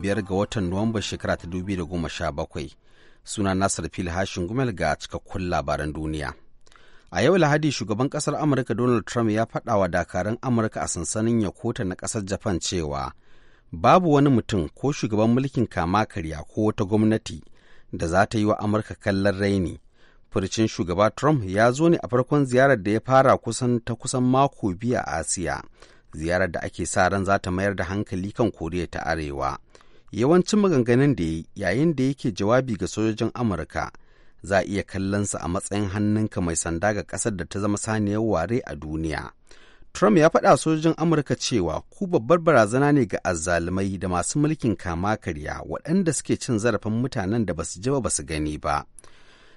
biyar ga watan Nuwamba shekara ta dubi da goma sha bakwai. Suna nasar Fil Hashin Gumel ga cikakkun labaran duniya. A yau Lahadi shugaban kasar Amurka Donald Trump ya faɗa wa dakarun Amurka a sansanin Yakota na kasar Japan cewa babu wani mutum ko shugaban mulkin kama karya ko wata gwamnati da za ta yi wa Amurka kallon raini. Furcin shugaba Trump ya zo ne a farkon ziyarar da ya fara kusan ta kusan mako biyu a Asiya. ziyarar da ake sa ran za ta mayar da hankali kan koriya ta arewa yawancin maganganun da ya yi yayin da yake jawabi ga sojojin amurka za a iya kallonsa a matsayin hannunka mai sanda ga ƙasar da ta zama saniyar ware a duniya trump ya faɗa sojojin amurka cewa ku babbar barazana ne ga azzalumai da masu mulkin kama karya waɗanda suke cin zarafin mutanen da basu ji ba su gani ba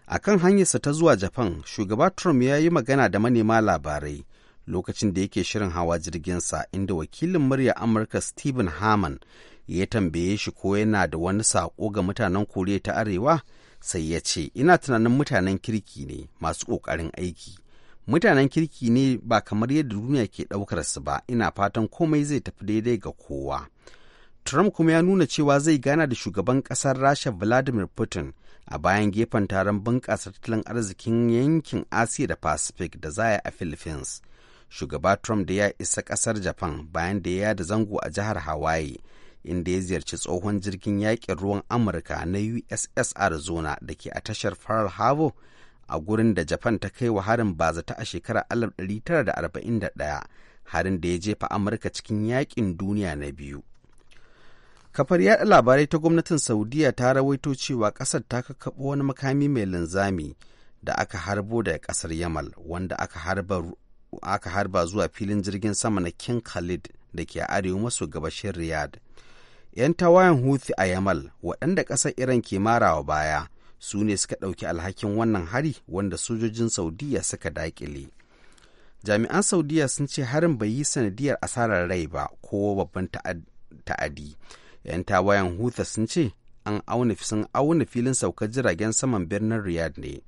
a kan hanyarsa ta zuwa japan shugaba trump ya yi magana da manema labarai lokacin da yake shirin hawa jirgin sa inda wakilin murya amurka stephen hammond. ya tambaye shi ko yana da wani saƙo ga mutanen koriya ta arewa sai ya ce ina tunanin mutanen kirki ne masu ƙoƙarin aiki mutanen kirki ne ba kamar yadda duniya ke ɗaukar su ba ina fatan komai zai tafi daidai ga kowa trump kuma ya nuna cewa zai gana da shugaban ƙasar rasha vladimir putin a bayan gefen taron bunƙasa tattalin arzikin yankin asiya da pacific da za a philippines shugaba trump da ya isa ƙasar japan bayan da ya da zango a jihar hawaii inda ya ziyarci tsohon jirgin yaƙin ruwan amurka na uss arizona da ke a tashar pearl harbor a gurin da japan ta kai wa harin bazata a shekarar 1941 harin da ya jefa amurka cikin yaƙin duniya na biyu kafar yaɗa labarai ta gwamnatin saudiya ta rawaito cewa ƙasar ta kakaɓo wani makami mai linzami da aka harbo daga ƙasar yamal wanda aka harba, aka harba zuwa filin jirgin sama na king khalid da ke arewa maso gabashin riyadh 'yan tawayen Houthi a Yamal waɗanda ƙasar Iran ke marawa baya su ne suka ɗauki alhakin wannan hari wanda sojojin Saudiya suka daƙile. Jami'an Saudiya sun ce harin bai yi sanadiyar asarar rai ba ko babban ta'adi. 'Yan tawayen Houthi sun ce an auna sun auna filin saukar jiragen saman birnin Riyadh ne.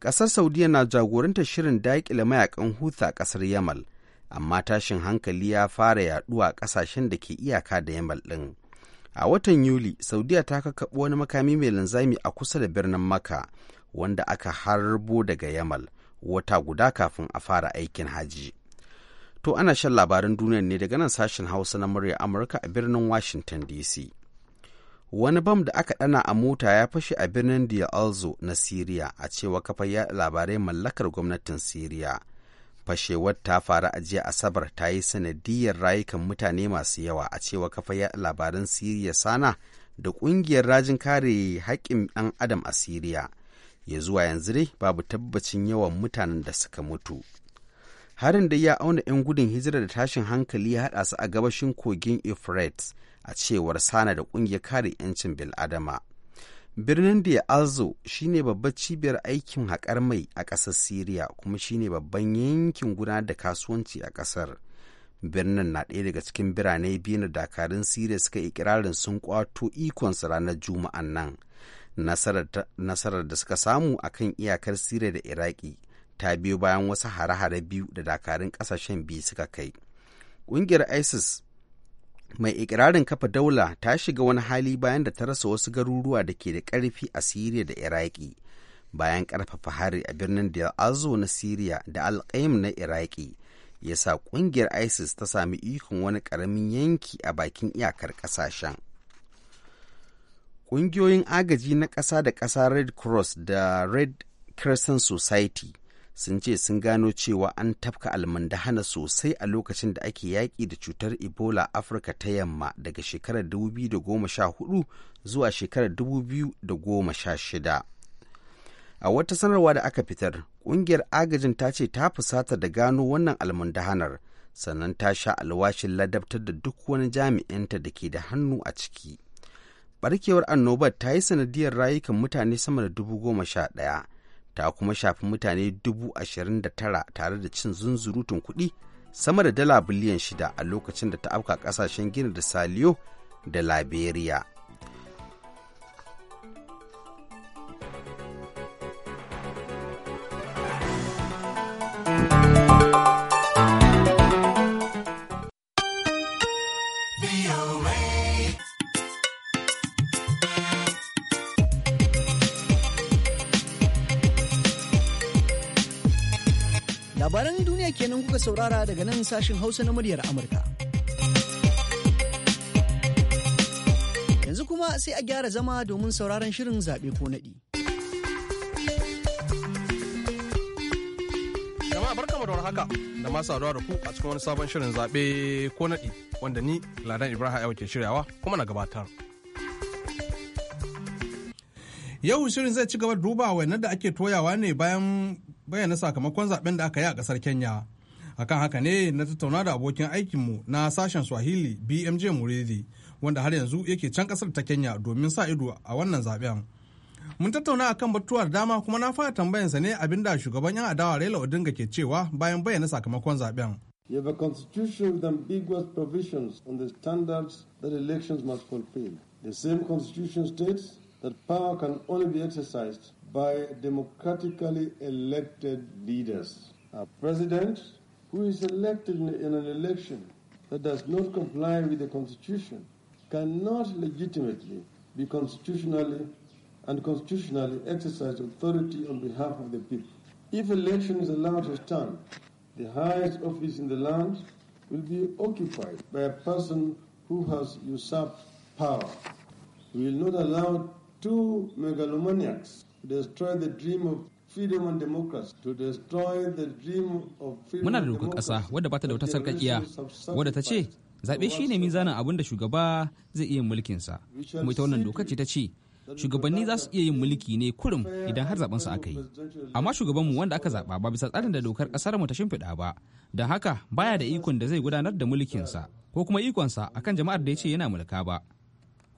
Ƙasar Saudiya na jagorantar shirin daƙile mayakan Houthi a ƙasar Yamal. amma tashin hankali ya fara yaduwa a ƙasashen da ke iyaka da yamal ɗin. A watan Yuli, Saudiya ta kakaɓo wani makami mai linzami a kusa da birnin maka wanda aka harbo daga Yamal, wata guda kafin a fara aikin haji. To ana shan labarin duniyar ne daga nan sashen Hausa na murya Amurka a birnin Washington DC. Wani bam da aka ɗana a mota ya fashe a birnin dia alzo na Siriya a cewa kafar labarai mallakar gwamnatin Siriya. fashewar ta faru a jiya asabar ta yi sanadiyar rayukan mutane masu yawa a cewa kafa labaran siriya sana da ƙungiyar rajin kare haƙƙin ɗan adam a siriya ya zuwa yanzu dai babu tabbacin yawan mutanen da suka mutu harin da ya auna 'yan gudun hijira da tashin hankali ya haɗa su a gabashin kogin euphrates a cewar sana da ƙungiyar kare 'yancin bil'adama Birnin ya alzo shine babbar cibiyar aikin haƙar mai a ƙasar Siriya kuma shine babban yankin gudanar da kasuwanci a ƙasar. Birnin na ɗaya daga cikin birane biyu na dakarun Siriya suka ikirarin sun kwato ikonsa ranar Juma'an nan. Nasarar da suka samu a kan iyakar Siriya da Iraki ta biyo bayan wasu hare-hare biyu da dakarun ƙasashen biyu suka kai. Ƙungiyar ISIS mai ikirarin kafa daula ta shiga wani hali bayan da ta rasa wasu garuruwa da ke da ƙarfi a siriya da iraki bayan ƙarfafa hari a birnin da azo na siriya da alƙaim na iraki ya sa ƙungiyar isis ta sami ikon wani ƙaramin yanki a bakin iyakar ƙasashen ƙungiyoyin agaji na ƙasa da ƙasa red cross da red crescent society sun ce sun gano cewa an tafka almandahana sosai a lokacin da ake yaƙi da cutar ebola afirka ta yamma daga shekarar 2014 zuwa shekarar 2016 a wata sanarwa da aka fitar ƙungiyar agajin ta ce ta fusata da gano wannan almundahanar sannan ta sha alwashin ladabtar da duk wani jami'inta da ke da hannu a ciki barkewar annobar ta yi sanadiyar rayukan mutane sama da dubu goma sha ɗaya ta kuma shafi mutane dubu ashirin da tara tare da cin zunzurutun kuɗi sama da dala biliyan shida a lokacin da ta afka ƙasashen gina da saliyo da liberia Duniya kenan kuka saurara daga nan sashin Hausa na muryar Amurka. Yanzu kuma sai a gyara zama domin sauraron shirin zaɓe ko naɗi. Jama'a barkamu da haka da masu saduwa da ku a cikin wani sabon shirin zaɓe ko naɗi wanda ni Ladan Ibrahim Ayo ke shiryawa kuma na gabatar. Yau shirin zai ci gaba da duba wainar da ake toyawa ne bayan bayyana sakamakon zaben da aka yi a kasar Kenya. Akan haka ne na tattauna da abokin aikinmu na sashen Swahili BMJ Muridi wanda har yanzu yake can kasar ta Kenya domin sa ido a wannan zaben. Mun tattauna akan batuwar dama kuma na fara tambayansa ne abin da shugaban 'yan adawa Raila Odinga ke cewa bayan bayyana sakamakon zaben. You have a constitution with ambiguous provisions on the standards that elections must fulfill. The same constitution states that power can only be exercised by democratically elected leaders. A president who is elected in an election that does not comply with the Constitution cannot legitimately be constitutionally and constitutionally exercise authority on behalf of the people. If election is allowed to stand, the highest office in the land will be occupied by a person who has usurped power. We will not allow two megalomaniacs Muna da dokar ƙasa wadda ba ta da wata sarƙaƙiya wadda ta ce zaɓe shi ne mizanin abin da shugaba zai iya mulkinsa. Kuma ita wannan dokar ce ta ce shugabanni za su iya yin mulki ne kurum idan har zaɓensu aka yi. Amma shugabanmu wanda aka zaɓa ba bisa tsarin da dokar ƙasar mu ta shimfiɗa ba, da haka baya da ikon da zai gudanar da mulkinsa ko kuma ikonsa akan jama'ar da ya ce yana mulka ba.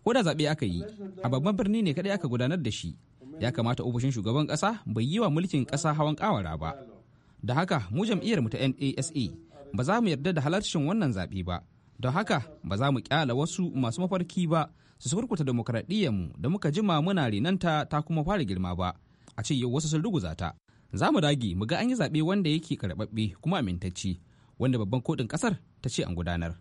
Ko da zaɓe aka yi, a babban birni ne kaɗai aka gudanar da shi, ya kamata ofishin shugaban ƙasa bai yi wa mulkin ƙasa hawan kawara ba da haka mu jam'iyyar mu ta nasa ba za mu yarda da halarcin wannan zaɓe ba don haka ba za mu kyala wasu masu mafarki ba su demokradiyyar mu da muka jima muna renanta ta kuma fara girma ba a ce yau wasu sun ruguza ta za mu dage mu ga an yi zaɓe wanda yake karɓaɓɓe kuma amintacci wanda babban kotun ƙasar ta ce an gudanar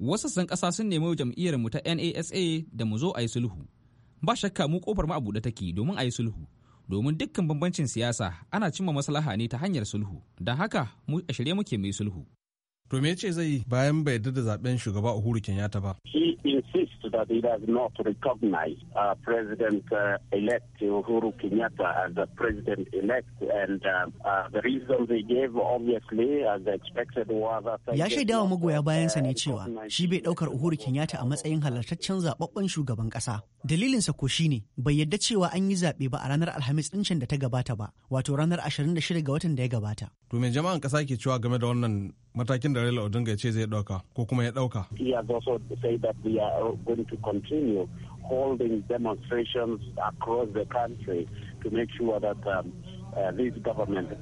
wasu san ƙasa sun nemi jam'iyyar mu ta nasa da mu zo a yi sulhu ba shakka mu kofar mu a buɗe take domin a yi sulhu domin dukkan bambancin siyasa ana cimma maslaha ne ta hanyar sulhu don haka mu a shirye muke mai sulhu To me ce zai yi bayan bai yarda da zaben shugaba Uhuru Kenyatta ba? He insists that he does not recognize uh, President uh, elect Uhuru Kenyatta as the president elect and uh, uh, the reason they gave obviously as expected was that Ya shaida wa magoya uh, bayansa ne cewa shi bai daukar Uhuru Kenyatta a matsayin halartaccen zababben shugaban kasa. Dalilinsa ko shine bai yarda cewa an yi zabe ba a ranar Alhamis can da ta gabata ba, wato ranar 26 ga watan da ya gabata. To me jama'an kasa ke cewa game da wannan matakin da Raila Odinga ya ce zai dauka ko kuma ya dauka. He has also said that we are going to continue holding demonstrations across the country to make sure that um, uh,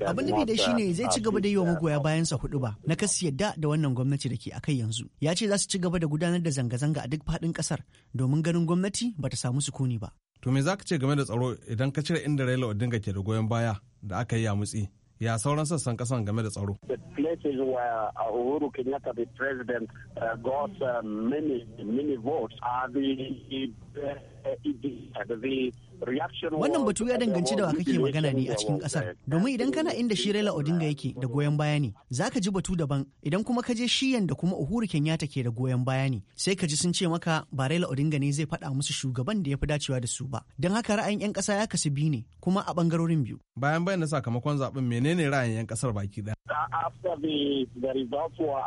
abin nufi da shi ne uh, zai ci gaba da yi wa uh, magoya bayansa hudu ba na kasu yadda da wannan gwamnati da ke a kai yanzu ya ce za su ci gaba da gudanar da zanga-zanga a duk faɗin ƙasar domin ganin gwamnati ba ta samu sukuni ba to me za ka ce game da tsaro idan ka cire inda raila odinga ke da goyon baya da aka yi a mutsi ya sauran sassan kasan game da tsaro. The places where uh, Uhuru Kenyatta the president uh, got uh, many many votes are the, uh, the Wannan batu ya danganci da wa kake magana ne a cikin kasar. Domin idan kana inda shi Raila Odinga yake da goyon baya ne, za ka ji batu daban. Idan kuma ka je shiyan da kuma Uhuru Kenyatta ke da goyon baya ne, sai ka ji sun ce maka ba Raila Odinga ne zai faɗa musu shugaban da ya fi dacewa da su ba. Don haka ra'ayin 'yan ƙasa ya kasu biyu ne, kuma a ɓangarorin biyu. Bayan bayan da sakamakon zaɓen menene ra'ayin 'yan ƙasar baki ɗaya? Uh, after the, the results were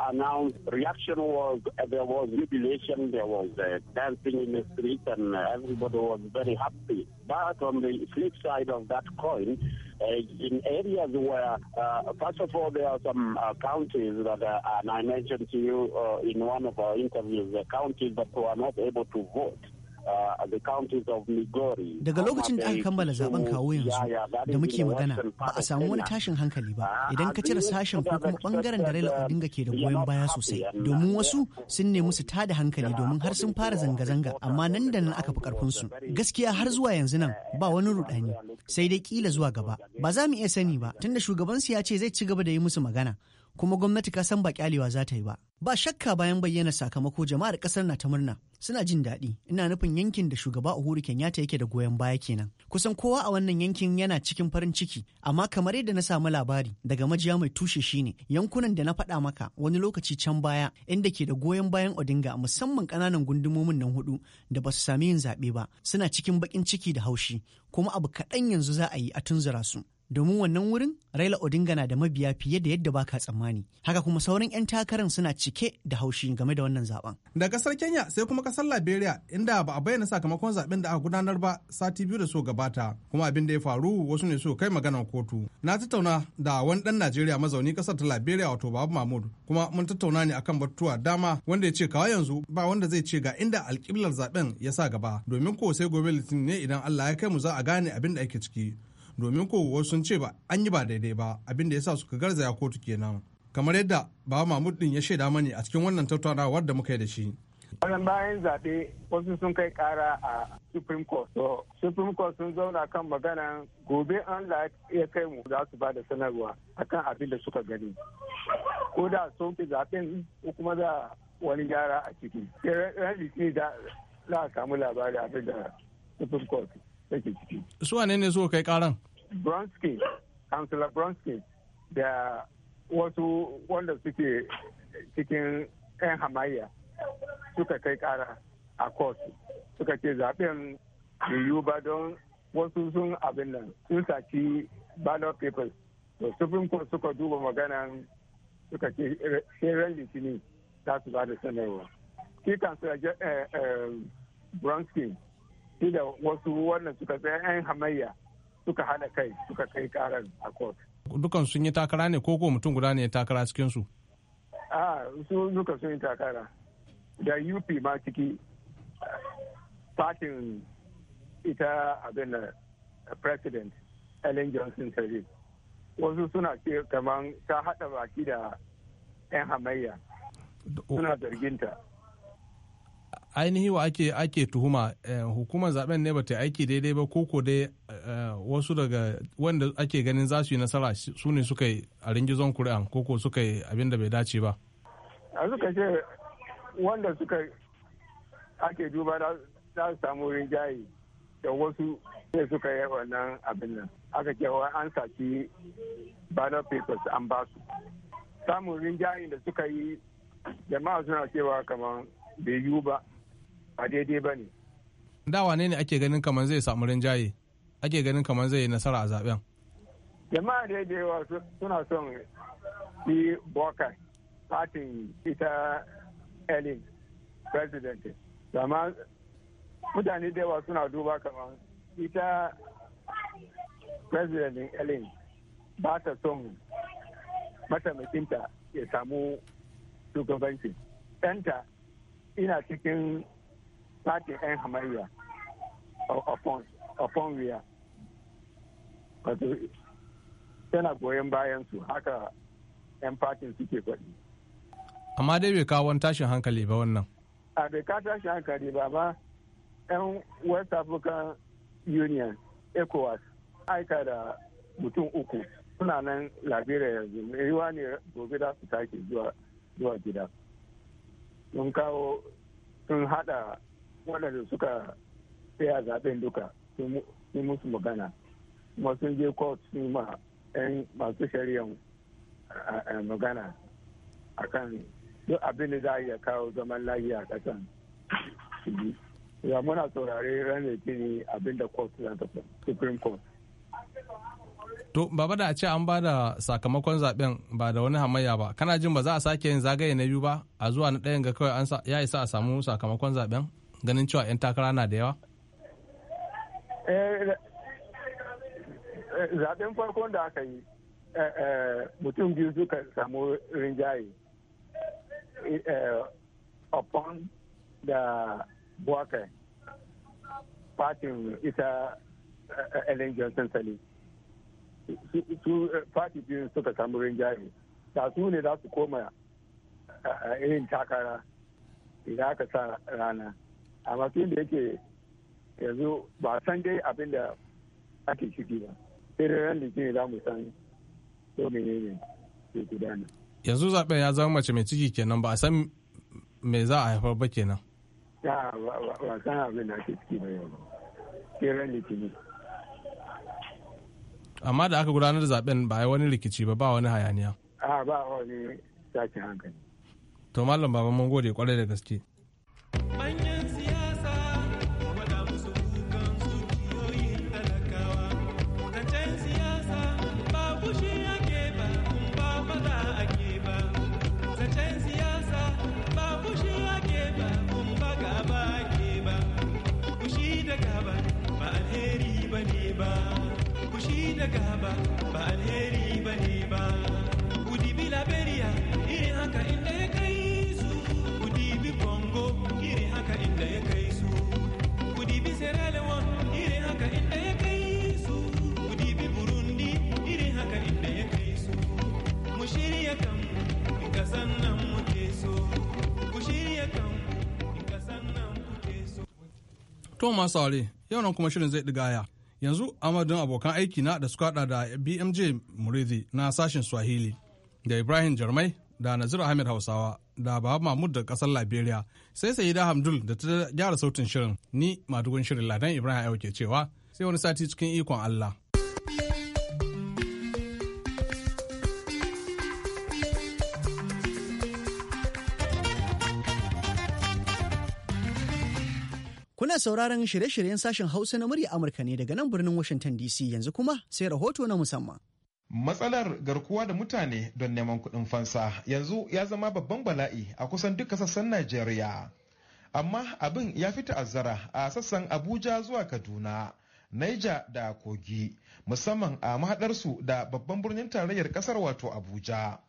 But on the flip side of that coin, uh, in areas where, uh, first of all, there are some uh, counties that, are, and I mentioned to you uh, in one of our interviews, the counties that were not able to vote. Uh, Daga uh, lokacin da aka kammala zaben kawo yanzu da muke magana ba a samu wani tashin hankali ba uh, idan ka cire sashen ko kuma bangaren da Raila Odinga ke da goyon baya sosai domin wasu sun nemi su tada hankali domin har sun fara zanga-zanga amma nan da nan aka fi karfin su gaskiya har zuwa yanzu nan ba wani rudani sai dai kila zuwa gaba ba za mu iya sani ba tunda shugabansu ya ce zai ci gaba da yi musu magana kuma gwamnati ka san ba kyalewa za ta yi ba. Ba shakka bayan bayyana sakamako jama'ar ƙasar na ta murna suna jin daɗi ina nufin yankin da shugaba Uhuru Kenyatta yake da goyon baya kenan. Kusan kowa a wannan yankin yana cikin farin ciki amma kamar yadda na samu labari daga majiya mai tushe shine yankunan da na faɗa maka wani lokaci can baya inda ke da goyon bayan Odinga musamman ƙananan gundumomin nan hudu da ba su sami yin zaɓe ba suna cikin baƙin ciki da haushi kuma abu kaɗan yanzu za a yi a tunzura su. domin wannan wurin Raila Odinga na da mabiya fiye da yadda baka tsammani. Haka kuma sauran 'yan takarar suna cike da haushi game da wannan zaben. Da kasar Kenya sai kuma kasar Liberia inda ba a bayyana sakamakon zaben da aka gudanar ba sati biyu da so gabata. Kuma abin da ya faru wasu ne so kai maganar kotu. Na tattauna da wani dan Najeriya mazauni kasar ta Liberia wato Babu Mahmud kuma mun tattauna ne akan batutuwa dama wanda ya ce kawai yanzu ba wanda zai ce ga inda alkiblar zaben ya sa gaba domin ko sai gobe litinin ne idan Allah ya kai mu za a gane abin da ake ciki. domin ko sun ce ba an yi ba daidai ba abinda ya sa suka garzaya kotu kenan kamar yadda ba mahmud din ya shaida mani a cikin wannan tattaunawar da muka yi da shi wannan bayan zaɓe wasu sun kai ƙara a supreme court so supreme court sun zauna kan maganan gobe an la ya kai mu za su ba da sanarwa akan abin da suka gani ko da sun fi zaɓen ko kuma za wani gyara a ciki ran litinin da za a samu labari abin da supreme court take ciki su ne ne suka kai ƙaran Bronski, Councillor Bronski da wasu wanda suke cikin 'yan hamayya suka kai kara a kotu suka ce zaben yiwu ba don wasu sun abin nan sun saki ballot papers to supreme court suka duba maganan suka ce shirin litinin za su ba da sanarwa shi kansila eh, eh, bronski shi da wasu wannan suka tsaye 'yan hamayya suka hana kai suka kai karar a court. Dukan sun yi takara ne ko ko mutum guda ne ya takara cikin su? A su duka sun yi takara. Da UP ma ciki fatin ita abin da president Ellen Johnson Sirleaf. Wasu suna ce kamar ta haɗa baki da 'yan hamayya. Suna zarginta. ainihi wa ake ake tuhuma eh, hukumar zaben ne bata aiki daidai ba koko dai eh, wasu daga wanda ake ganin za su yi nasara su ne suka yi a ringizon kuri'an koko suka yi abin da bai dace ba a suka ce wanda suka ake duba za su samu rinjaye da wasu ne suka yi wannan abin nan aka cewa an saki ballot papers an ba su samun rinjaye da suka yi jama'a suna cewa kamar bai yiwu ba ba daidai ba ne da wane ne ake ganin kamar zai samu rinjaye ake ganin kamar zai nasara a zaben jama'a da suna son yi boka fatin ita elin president zama mutane da yawa suna duba kamar ita president elin ba ta son mataimakinta ya samu shugabanci ɗanta ina cikin láti ẹn hamaria ọpọn ọpọn wia wato tana goyon bayan su haka yan fatin suke faɗi. amma dai bai kawo wani tashin hankali ba wannan a bai ka tashin hankali ba ma yan west african union ecowas aika da mutum uku suna nan liberia yanzu mai yiwa ne gobe za su sake zuwa gida sun kawo sun hada da suka tsaya zaben duka sun musu magana kuma sun je court sun ma 'yan masu shari'an magana kan duk abin da za a iya kawo zaman lafiya a ƙasan ya muna saurare ranar tini abin da court za ta supreme court to baba da a ce an ba da sakamakon zaben ba da wani hamayya ba kana jin ba za a sake yin zagaye na biyu ba a zuwa na ɗayan ga kawai ya isa a samu sakamakon zaben ganin cewa 'yan takara na da yawa? Eh, eh, zaben farkon da aka yi eh, mutum biyu suka samu rinjaye upon da buwaka fatin ita ellen johnson sali su fati biyu suka samu rinjaye da su ne za su koma irin takara idan aka sa rana a matsayin da yake yanzu ba san dai abin da ake ciki ba sai ran ne za mu san ko ne ke gudana yanzu zaben ya zama mace mai ciki kenan ba a san me za a haifar ba kenan ba san abin da ake ciki ba yau sai ran litinin amma da aka gudanar da zaben ba wani rikici ba ba wani hayaniya a ba wani tashin hankali to mallam baba mun gode kwarai da gaske ta gaba ba alheri ba ba laberiya haka inda ya kai burundi haka inda masu yau nan kuma shirin zai ɗigaya. yanzu amadin abokan aiki na da suka da bmj muridi na sashen swahili da ibrahim jarmai da nazir ahmed hausawa da baba mahmud da kasar liberia sai sai da hamdul da ta gyara sautin shirin ni madugun shirin ladan ibrahim ayo ke cewa sai wani sati cikin ikon allah sauraron shirye-shiryen sashen Hausa na murya Amurka ne daga nan birnin Washington DC yanzu kuma sai rahoto na musamman. Matsalar garkuwa da mutane don neman kuɗin fansa yanzu ya zama babban bala'i a kusan duka sassan Najeriya. Amma abin ya fi ta'azzara a sassan Abuja zuwa Kaduna, Naija da Kogi, musamman a mahaɗarsu da babban birnin tarayyar ƙasar wato Abuja.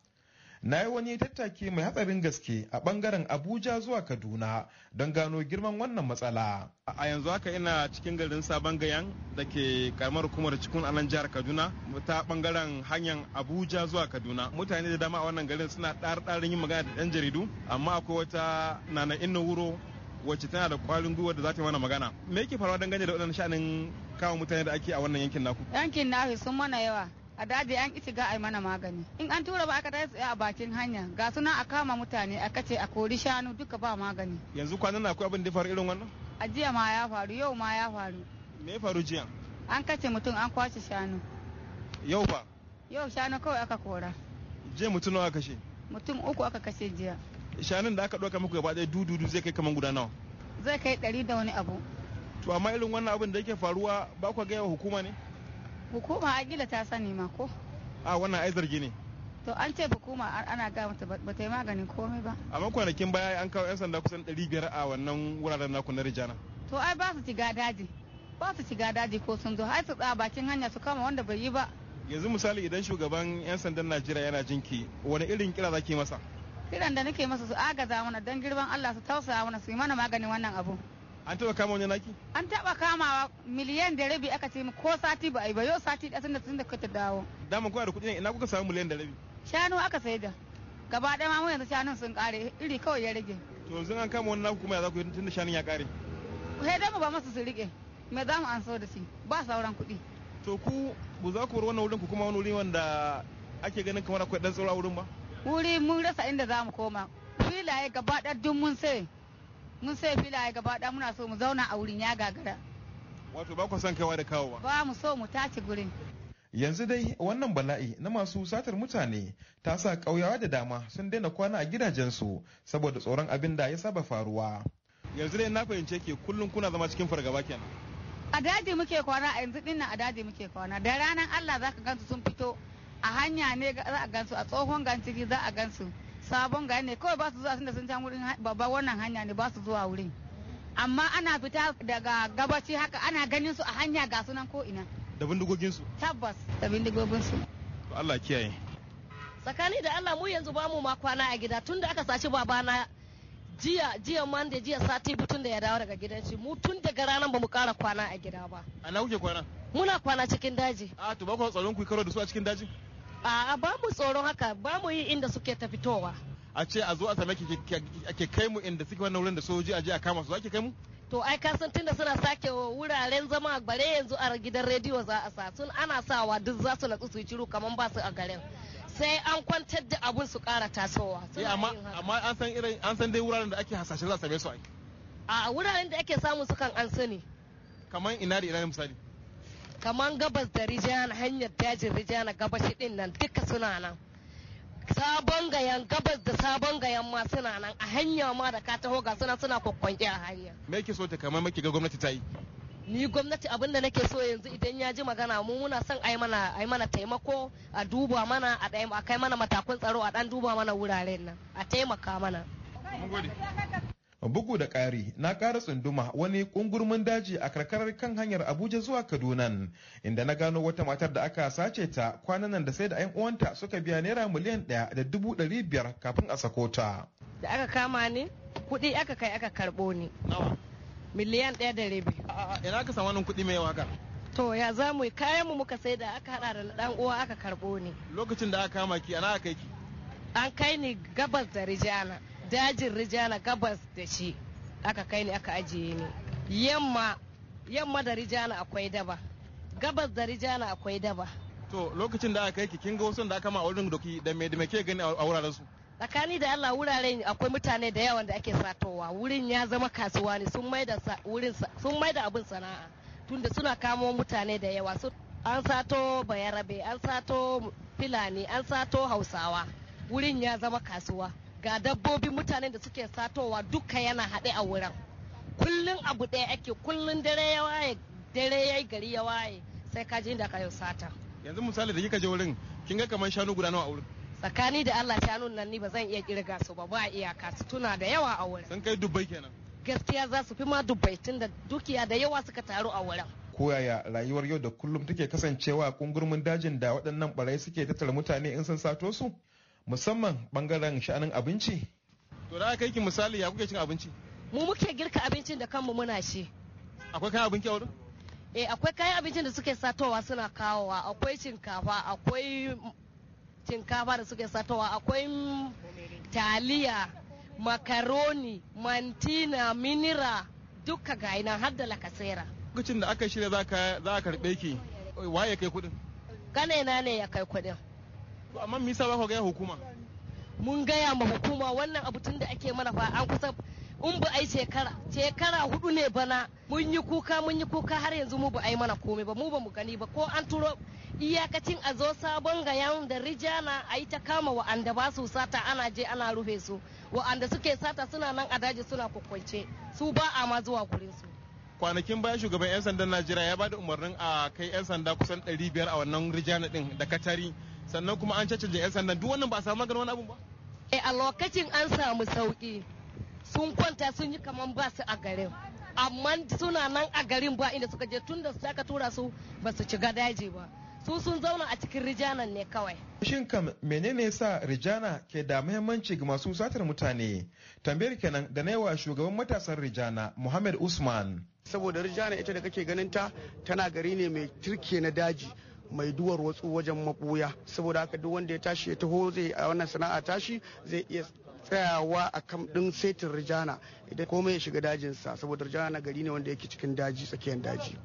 na yi wani tattaki mai hatsarin gaske a bangaren abuja zuwa kaduna don gano girman wannan matsala a yanzu haka ina cikin garin sabon gayan da ke karamar hukumar cikin anan jihar kaduna ta bangaren hanyar abuja zuwa kaduna mutane da dama a wannan garin suna ɗarɗarin yin magana da ɗan jaridu amma akwai wata nana inna wuro wacce tana da kwarin gwiwa da za ta yi mana magana me yake faruwa dangane da waɗannan sha'anin kawo mutane da ake a wannan yankin naku yankin naku sun mana yawa a daji an ki shiga a mana magani in an tura ba aka tashi a bakin hanya ga suna a kama mutane a kace a kori shanu duka ba magani yanzu kwanan akwai abin da faru irin wannan a jiya ma ya faru yau ma ya faru me ya faru jiya an kace mutum an kwace shanu yau fa yau shanu kawai aka kora jiya mutum nawa kashe mutum uku aka kashe jiya shanun da aka ɗauka muku gaba ɗaya dududu zai kai kaman guda nawa zai kai ɗari da wani abu to amma irin wannan abin da yake faruwa ba ku gaya wa hukuma ne hukuma agila ta sani ma ko a ah, wannan ai zargi ne to an ce hukuma ana ga mata ba ta yi maganin komai ba amma kwanakin baya an kawo 'yan sanda kusan 500 a wannan wuraren naku na rijana to ai ba su shiga daji ba su shiga daji ko sun zo ai su tsaya bakin hanya su kama wanda bai yi ba yanzu misali idan shugaban 'yan sandan najeriya yana jinki wani irin kira zaki masa kiran da nake masa su agaza mana don girban allah su tausaya mana su yi mana maganin wannan abu an taba kama wani naki an taba kamawa miliyan da rabi aka ce ko sati ba ai ba yau sati da tunda tunda ta dawo dama kuma da kuɗi ina kuka samu miliyan da rabi shanu aka saida gaba ɗaya ma yanzu shanun sun kare iri kawai ya rage to yanzu an kama wani naku kuma ya za ku yi tunda shanun ya kare he dai mu ba masu su rike me za mu an so da shi ba sauran kuɗi to ku ba za ku bar wannan wurin ku kuma wani wuri wanda ake ganin kamar akwai dan tsoro a wurin ba wuri mun rasa inda za mu koma filaye gaba ɗaya duk mun sai mun sai filaye gaba ɗaya muna so mu zauna a wurin ya gagara wato ba ku son kaiwa da kawowa ba mu so mu tace gurin yanzu dai wannan bala'i na masu satar mutane ta sa ƙauyawa da dama sun daina kwana a gidajensu saboda tsoron abin da ya saba faruwa yanzu dai na fahimce ke kullum kuna zama cikin fargaba kenan a daji muke kwana a yanzu dinnan a daji muke kwana da ranar allah zaka gansu sun fito a hanya ne za a gansu a tsohon gantiri za a gansu sabon gari ne kawai ba su zuwa sunda sun san wurin babba wannan hanya ne ba su zuwa wurin amma ana fita daga gabaci haka ana ganin su a hanya ga sunan ko ina da bindigogin su tabbas da bindigogin su Allah kiyaye tsakani da Allah mu yanzu ba mu ma kwana a gida tunda aka saci babana jiya jiya man da jiya sati butun da ya dawo daga gidan shi mu tun daga ranar ba mu kara kwana a gida ba a na kuke kwana muna kwana cikin daji a to ba ku tsaron ku karo da su a cikin daji A'a ba mu tsoron haka ba mu yi inda suke ta fitowa. A ce a zo a same ke kai mu inda suke wannan wurin da soji a je a kama su za ke kai mu? To ai ka san tunda suna sake wuraren zama bare yanzu a gidan rediyo za a sa sun ana sawa duk za su natsu su yi ciro kamar ba su a garin. sai an kwantar da abun su kara tasowa. Eh, amma an san irin an san dai wuraren da ake hasashe za a same su ai. A wuraren da ake samu sukan an sani. Kamar ina da ina misali. kamar gabas da rijana hanyar dajin rijana gabashi din nan duka suna nan sabon gayan gabas da sabon gayan ma suna nan a hanya ma da ka taho ga suna suna kwakwanke a hanya me yake so ta kamar maki ga gwamnati ta yi ni gwamnati abin da nake so yanzu idan ya ji magana mu muna son a mana mana taimako a duba mana a kai mana matakun tsaro a dan duba mana wuraren nan a taimaka mana bugu da ƙari na ƙara tsunduma wani ƙungurmin daji a karkarar kan hanyar abuja zuwa kaduna inda na gano wata matar da aka sace ta kwanan nan da sai da 'yan uwanta suka biya naira miliyan ɗaya da dubu ɗari biyar kafin a sako ta da aka kama ni kuɗi aka kai aka karɓo ni nawa miliyan ɗaya da rabi ina aka samu wani kuɗi mai yawa haka to ya za mu kayan mu muka sai da aka haɗa da ɗan uwa aka karɓo ni lokacin da aka kama ki ana aka kai ki an kai ni gabas da rijana dajin rijana gabas da shi aka kai ni aka ajiye ni yamma yamma da rijana akwai daba gabas da rijana akwai daba to lokacin da aka yi kin ga wasu da aka ma wurin doki da me da me ke gani a wuraren su tsakani da Allah wuraren akwai mutane da yawa da ake satowa wurin ya zama kasuwa ne sun maida wurin sun maida abin sana'a tunda suna kamo mutane da yawa an sato bayarabe an sato filani an sato hausawa wurin ya zama kasuwa ga dabbobin mutanen da suke satowa duka yana haɗe a wurin kullum abu ɗaya ake kullum dare ya waye dare ya gari ya waye sai ka ji inda ka yau sata yanzu misali da kika je wurin kin ga kamar shanu guda nawa a wurin tsakani da Allah shanun nan ni ba zan iya kirga su ba ba iyaka su tuna da yawa a wurin sun kai dubbai kenan gaskiya za su fi ma dubbai tun da dukiya da yawa suka taru a wurin koyaya rayuwar yau da kullum take kasancewa a kungurmin dajin da waɗannan barai suke tattara mutane in sun sato su musamman bangaren sha'anin abinci to da aka yi misali ya kuke cin abinci mu muke girka abincin da kanmu muna shi akwai kayan abinci a wurin eh akwai kayan abincin da suke satowa suna kawowa akwai shinkafa akwai shinkafa da suke satowa akwai taliya makaroni mantina minira duka ga nan har da lakasera lokacin da aka shirya za a karɓe ki waye kai kudin Kanena ne ya kai kudin amma me yasa ba ku gaya hukuma mun gaya ma hukuma wannan abu tun da ake mana fa an kusa in ba ai shekara shekara hudu ne bana mun yi kuka mun yi kuka har yanzu mu ba ai mana komai ba mu ba mu gani ba ko an turo iyakacin a zo sabon gayan da rijana a yi ta kama wa'anda ba su sata ana je ana rufe su wa'anda suke sata suna nan a daji suna kwakwance su ba a ma zuwa gurin su kwanakin baya shugaban 'yan sandan najeriya ya bada umarnin a kai 'yan sanda kusan 500 a wannan rijana din da katari sannan kuma an caccanje 'yan sandan duk wannan ba a samu maganin wani abu ba e, a lokacin an samu sauki sun kwanta sun yi kamar ba su a garin amma suna nan a garin ba inda suka je tun da su aka tura su ba su shiga daji ba su sun zauna a cikin rijana ne kawai. Shin kam menene sa rijana ke da muhimmanci ga masu satar mutane? Tambayar kenan da na yawa shugaban matasan rijana Muhammad Usman. Saboda rijana ita da kake ganin ta tana gari ne mai turke na daji. mai duwar watsu wajen mabuya saboda haka duk wanda ya tashi ya taho zai a wannan sana'a tashi zai iya tsayawa a kan ɗin setin rijana idan komai ya shiga dajinsa saboda rijana na gari ne wanda yake cikin daji tsakiyar daji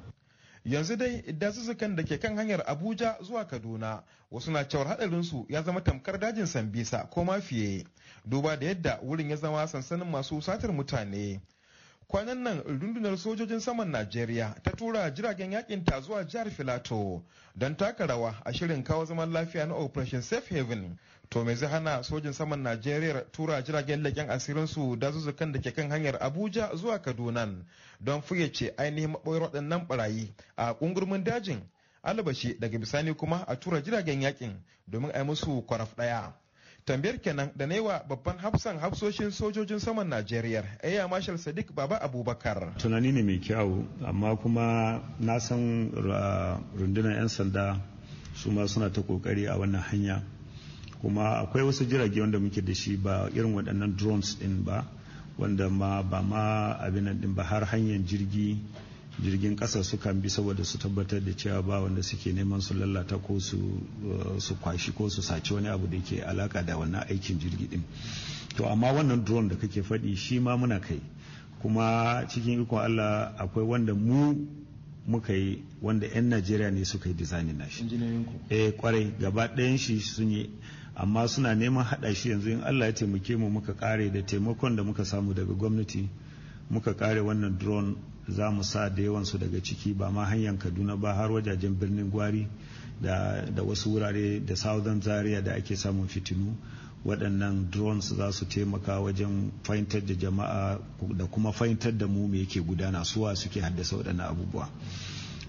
yanzu dai idan dazuzzukan da ke kan hanyar abuja zuwa kaduna wasu na cewar hadarinsu ya zama tamkar dajin sambisa ko ma fiye duba da yadda wurin ya zama sansanin masu satar mutane kwanan nan rundunar sojojin saman Najeriya ta tura jiragen yakin ta zuwa jihar Filato don taka rawa a shirin kawo zaman lafiya na Operation Safe Haven. To me zai hana sojin saman Najeriya tura jiragen leƙen asirinsu dazuzzukan da ke kan hanyar Abuja zuwa Kaduna don fuyace ainihin maɓoyar waɗannan barayi a ƙungurmin dajin. albashi daga bisani kuma a tura jiragen yakin domin a yi musu kwaraf ɗaya. tambayar kenan da na yi wa babban hafsan hafsoshin sojojin saman najeriya aya marshal sadiq baba abubakar tunani ne mai kyau amma kuma na san rundunar 'yan sanda su ma suna ta kokari a wannan hanya kuma akwai wasu jirage wanda muke da shi ba irin waɗannan drones din ba wanda ma ba ma abin din ba har hanyar jirgi jirgin kasa sukan bi saboda su tabbatar da cewa ba wanda suke neman su lalata ko eh, su kwashi ko su saci wani abu da ke alaka da wannan aikin jirgi din to amma wannan drone da kake faɗi shi ma muna kai kuma cikin ikon allah akwai wanda mu muka yi wanda 'yan najeriya ne suka yi designing nashi eh kwarai gaba ɗayan shi sun yi amma suna neman haɗa shi yanzu in allah ya taimake mu muka kare da taimakon da muka samu daga gwamnati muka kare wannan drone za mu sa da yawansu daga ciki ba ma hanyar kaduna ba har wajajen birnin gwari da, wasu wurare da southern zaria da ake samun fitinu waɗannan drones za su taimaka wajen fahimtar da jama'a da kuma fahimtar da mu me yake gudana suwa suke haddasa waɗannan abubuwa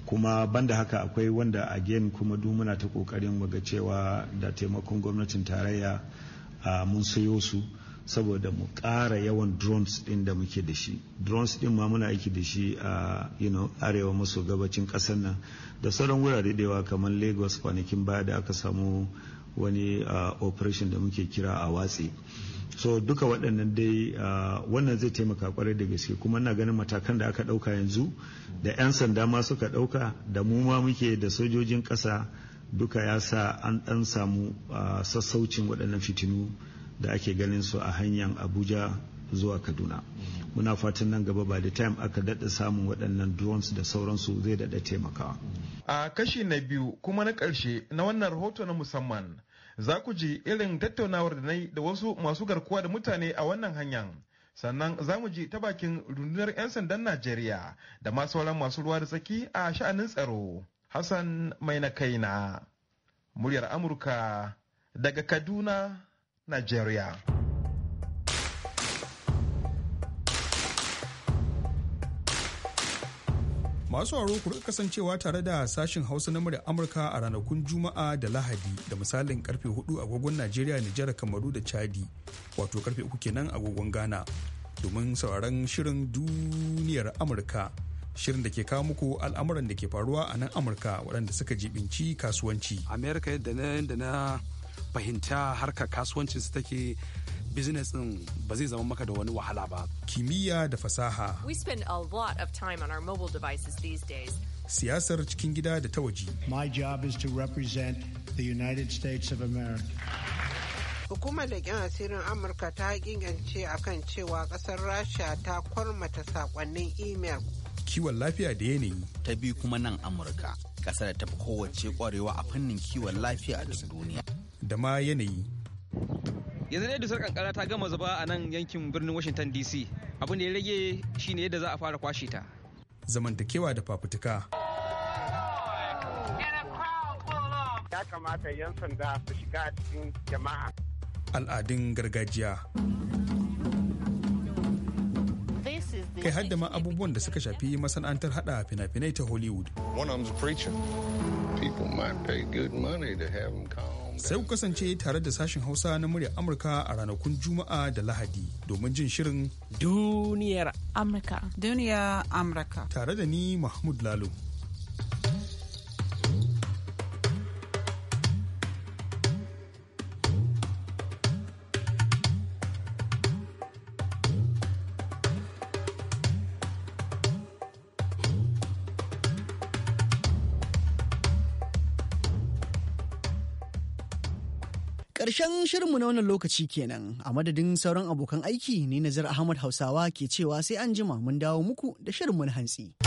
kuma banda haka akwai wanda again kuma muna ta ƙoƙarin muga cewa da taimakon gwamnatin tarayya mun sayo su saboda mu ƙara yawan drones ɗin da muke da shi drones ɗin ma muna aiki da shi a you know, arewa maso gabacin ƙasar nan da sauran wurare da yawa kamar lagos kwanakin baya da aka samu wani ah, operation da muke kira a watsi so duka waɗannan dai ah, wannan zai taimaka kwarai da gaske kuma na ganin matakan da aka ɗauka yanzu da 'yan sanda ma suka ɗauka da mu ma muke da sojojin ƙasa duka ya sa an ɗan samu uh, sassaucin waɗannan fitinu da ake ganin su a hanyar abuja zuwa kaduna muna fatan nan gaba ba da time aka daɗa samun waɗannan drones da sauransu zai daɗa taimakawa a kashi na biyu kuma na ƙarshe na wannan rahoto na musamman za ku ji irin tattaunawar da na yi da wasu masu garkuwa da mutane a wannan hanyar sannan za mu ji ta bakin rundunar 'yan sandan najeriya da ma sauran masu ruwa da tsaki a sha'anin tsaro hassan mai na kaina muryar amurka daga kaduna Nigeria. Masu sauraro ku kasancewa tare da sashin Hausa na murya Amurka a ranakun Juma'a da Lahadi da misalin karfe 4 agogon Najeriya, Nijar, Kamaru da Chadi, wato karfe 3 kenan agogon Ghana. Domin sauraron shirin duniyar Amurka, shirin da ke kawo muku al'amuran da ke faruwa a nan Amurka waɗanda suka jibinci kasuwanci. Amerika yadda na fahimta harka kasuwancin su take business din ba zai zama maka da wani wahala ba. Kimiyya da fasaha. We spend a lot of time on our mobile devices these days. Siyasar cikin gida da ta waje. My job is to represent the United States of America. Hukumar leƙen asirin Amurka ta a kan cewa ƙasar Rasha ta kwarmata sakonnin imel. Kiwon lafiya da yanayi. Ta bi kuma nan Amurka, ƙasar da ta fi kowace ƙwarewa a fannin kiwon lafiya a duk duniya. da ma yanayi yanzu dai dusar kankara ta gama zuba a nan yankin birnin washington dc abin da ya rage shine yadda za a fara kwashe ta zamantakewa da fafutuka ya kamata 'yan sanda su shiga a cikin jama'a al'adun gargajiya kai da ma abubuwan da suka shafi masana'antar hada fina-finai ta hollywood one of them's people might pay good money to have him come sai ku kasance tare da sashen hausa na muryar amurka a ranakun juma'a da lahadi domin jin shirin duniyar amurka duniyar amurka tare da ni mahmud lalo Ƙarshen shirinmu na wannan lokaci kenan a madadin sauran abokan aiki ne Nazar Ahmad Hausawa ke cewa sai an jima mun dawo muku da shirinmu na hantsi.